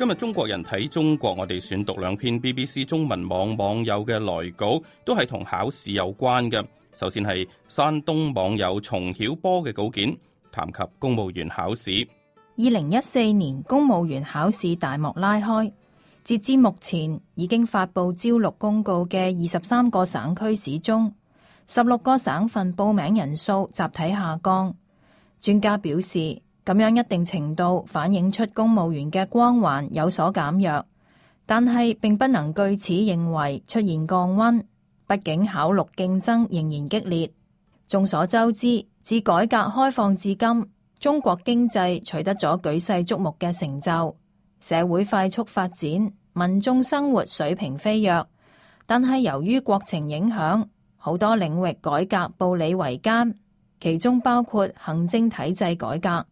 今日中國人睇中國，我哋選讀兩篇 BBC 中文網網友嘅來稿，都係同考試有關嘅。首先係山東網友叢曉波嘅稿件，談及公務員考試。二零一四年公務員考試大幕拉開，截至目前已經發布招錄公告嘅二十三個省區市中，十六個省份報名人數集體下降。專家表示，咁樣一定程度反映出公務員嘅光環有所減弱，但係並不能據此認為出現降溫。畢竟考錄競爭仍然激烈。眾所周知，自改革開放至今，中國經濟取得咗舉世矚目嘅成就，社會快速發展，民眾生活水平飛躍。但係由於國情影響，好多領域改革步履維艱，其中包括行政體制改革。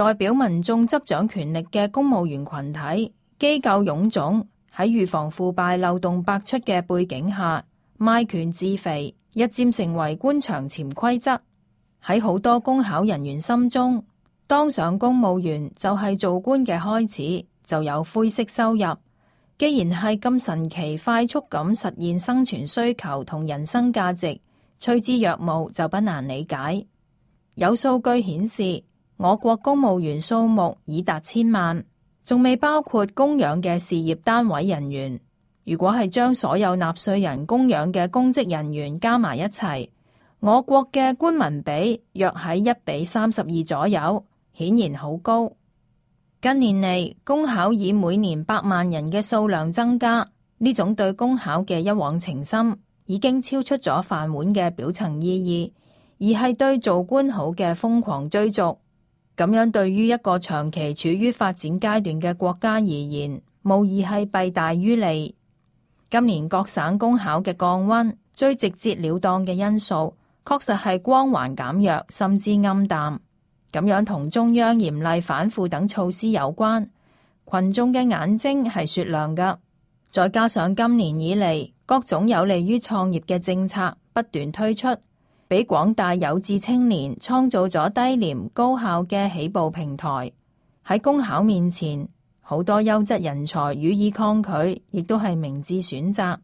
代表民眾執掌權力嘅公務員群體機構臃腫，喺預防腐敗漏洞百出嘅背景下，賣權自肥一漸成為官場潛規則。喺好多公考人員心中，當上公務員就係做官嘅開始，就有灰色收入。既然係咁神奇快速咁實現生存需求同人生價值，趨之若鶩就不難理解。有數據顯示，我國公務員數目已達千萬，仲未包括供養嘅事業單位人員。如果係將所有納稅人供養嘅公職人員加埋一齊，我國嘅官民比約喺一比三十二左右，顯然好高。近年嚟，公考以每年百萬人嘅數量增加，呢種對公考嘅一往情深，已經超出咗飯碗嘅表層意義，而係對做官好嘅瘋狂追逐。咁樣對於一個長期處於發展階段嘅國家而言，無疑係弊大於利。今年各省公考嘅降溫，最直接了當嘅因素，確實係光環減弱甚至暗淡。咁樣同中央嚴厲反腐等措施有關。群眾嘅眼睛係雪亮噶，再加上今年以嚟各種有利於創業嘅政策不斷推出。俾廣大有志青年創造咗低廉、高效嘅起步平台。喺公考面前，好多優質人才予以抗拒，亦都係明智選擇。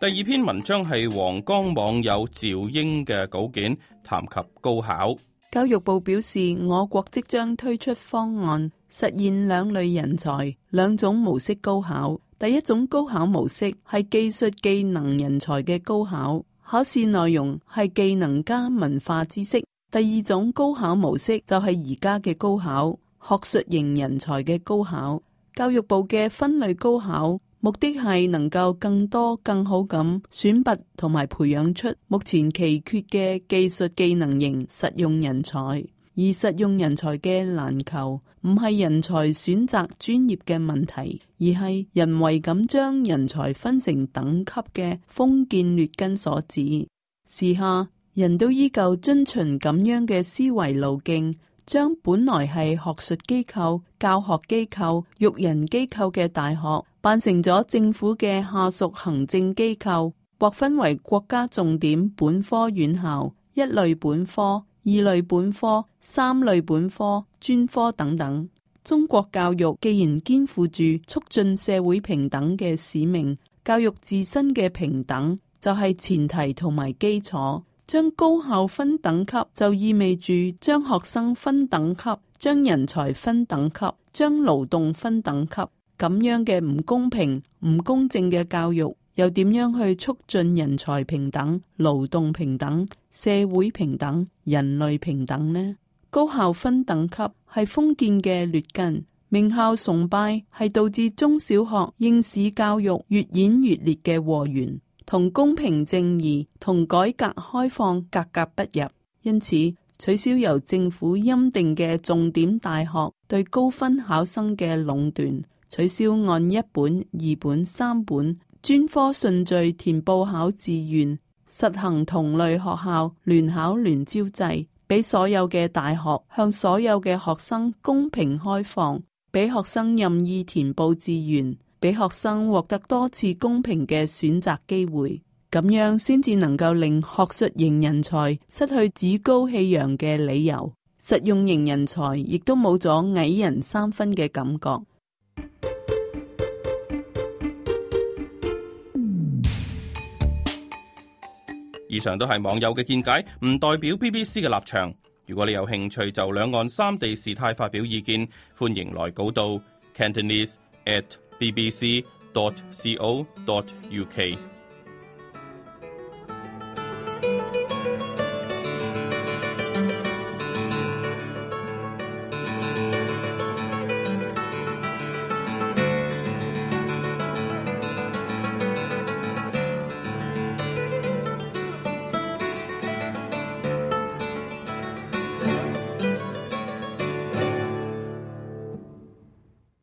第二篇文章係黃江網友趙英嘅稿件，談及高考。教育部表示，我國即將推出方案，實現兩類人才、兩種模式高考。第一種高考模式係技術技能人才嘅高考，考試內容係技能加文化知識。第二種高考模式就係而家嘅高考，學術型人才嘅高考。教育部嘅分類高考，目的係能夠更多更好咁選拔同埋培養出目前奇缺嘅技術技能型實用人才。而實用人才嘅難求，唔係人才選擇專業嘅問題，而係人為咁將人才分成等級嘅封建劣根所指。時下人都依舊遵循咁樣嘅思維路徑，將本來係學術機構、教學機構、育人機構嘅大學辦成咗政府嘅下屬行政機構，劃分為國家重點本科院校一類本科。二類本科、三類本科、專科等等，中國教育既然肩負住促進社會平等嘅使命，教育自身嘅平等就係前提同埋基礎。將高校分等級，就意味住將學生分等級，將人才分等級，將勞動分等級，咁樣嘅唔公平、唔公正嘅教育。又點樣去促進人才平等、勞動平等、社會平等、人類平等呢？高校分等級係封建嘅劣根，名校崇拜係導致中小學應試教育越演越烈嘅禍源，同公平正義、同改革開放格格不入。因此，取消由政府欽定嘅重點大學對高分考生嘅壟斷，取消按一本、二本、三本。專科順序填報考志願，實行同類學校聯考聯招制，俾所有嘅大學向所有嘅學生公平開放，俾學生任意填報志願，俾學生獲得多次公平嘅選擇機會，咁樣先至能夠令學術型人才失去趾高氣揚嘅理由，實用型人才亦都冇咗矮人三分嘅感覺。以上都係網友嘅見解，唔代表 BBC 嘅立場。如果你有興趣，就兩岸三地事態發表意見，歡迎來稿到 Cantonese at bbc dot co dot uk。